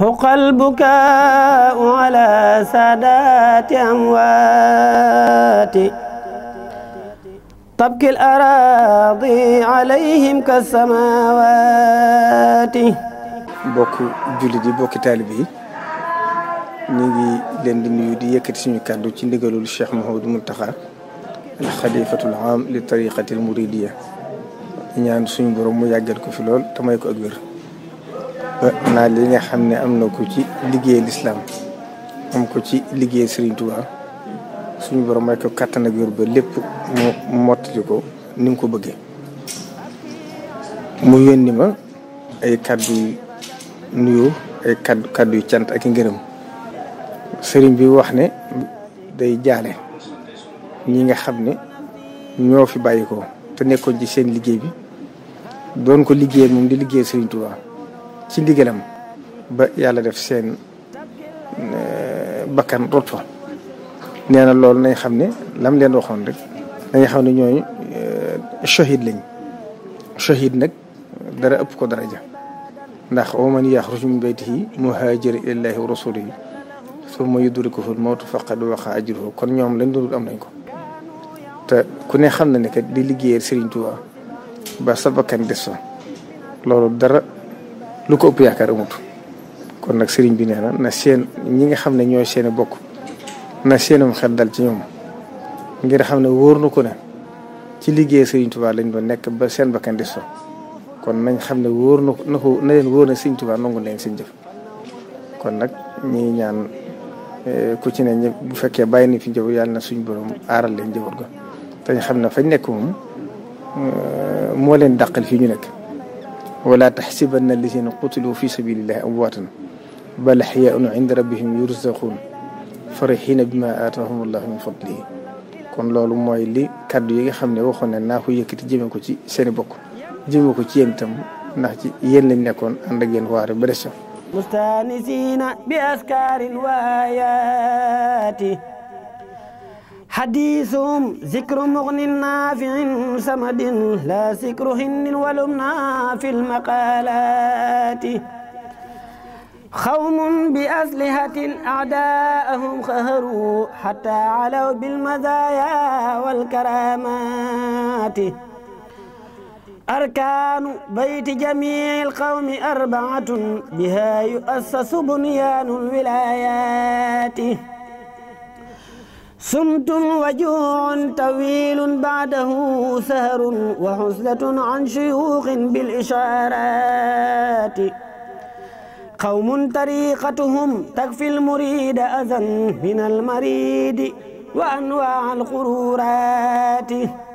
حق البكاء على سادات أموات تبكي الأراضي عليهم كالسماوات bokk jullit yi bokki taalib yi ngi leen di nuyu di yëkkati suñu kàddu ci ndigalul Cheikh Mouhamadou Mountakha al xalifatul aam li tariqatil muridiya ñaan suñu borom mu yàggal ko fi lool te may ko ak naa li nga xam ne am na ko ci liggéey lislaam am ko ci liggéey Sëriñ suñu borom may ko kàttan ak ba lépp mu mottali ko ni mu ko bëggee mu yónni ma ay kàddu yu nuyoo ay kàddu kàddu yu cant ak i ngërëm sëriñ bi wax ne day jaale ñi nga xam ne ñoo fi bàyyi ko te nekkoon ci seen liggéey bi doon ko liggéeyal moom di liggéey Sëriñ ci ndigalam ba yàlla def seen bakkan rot fa nee loolu nañ xam ne lam leen waxoon rek dañuy xam ne ñooñu eh, shahid lañ shahid nag dara ëpp ko daraja ndax wa man yaxruj min baytihi muhaajir ilallahi wa rasulihi summa yudrikuhu lmawtu faqad waqa ajruhu kon ñoom lañ doonul am nañ ko te ku ne xam na ne kat di liggéeyal Serigne Touba ba sa bakkan des fa loolu dara lu ko ëpp yaakaar amut kon nag sëriñ bi nee na na seen ñi nga xam ne ñooy seeni bokk na mu xel dal ci ñoom ngir xam ne wóor na ko ne ci liggéey sëriñ Tuubaa lañ doon nekk ba seen bakkan des fa kon nañ xam ne wóor na na ko na leen wóor na sëriñ jëf kon nag ñi ñaan eh, ku ci ne bu fekkee bàyyi na fi jëw yàlla na suñ borom aaral leen jëwal ko te xam ne fañ nekk moom eh, moo leen dàqal fii ñu nekk wala taxsibanna alladina qutilu fi sabilillahi amwaatan bal axyaun inda rabbihim yurzaquun farixina bima aatahum allahu min fadlihi kon loolu mooy li kàddu yi nga xam ne waxoon ne naa ko yëkkati jëme ko ci seen i bokk jëme ko ci yéen itam ndax ci yéen lañ nekkoon ànd ak yéen waare ba des mustaanisiina bi askaarin waayaati حديثهم ذكر مغن نافع سمد لا ذكر هن ولمنا في المقالات خوم بأسلحة أعداءهم خهروا حتى علوا بالمزايا والكرامات أركان بيت جميع القوم أربعة بها يؤسس بنيان الولايات صمت وجوع طويل بعده سهر وعزلة عن شيوخ بالإشارات قوم طريقتهم تكفي المريد أذى من المريد وأنواع القرورات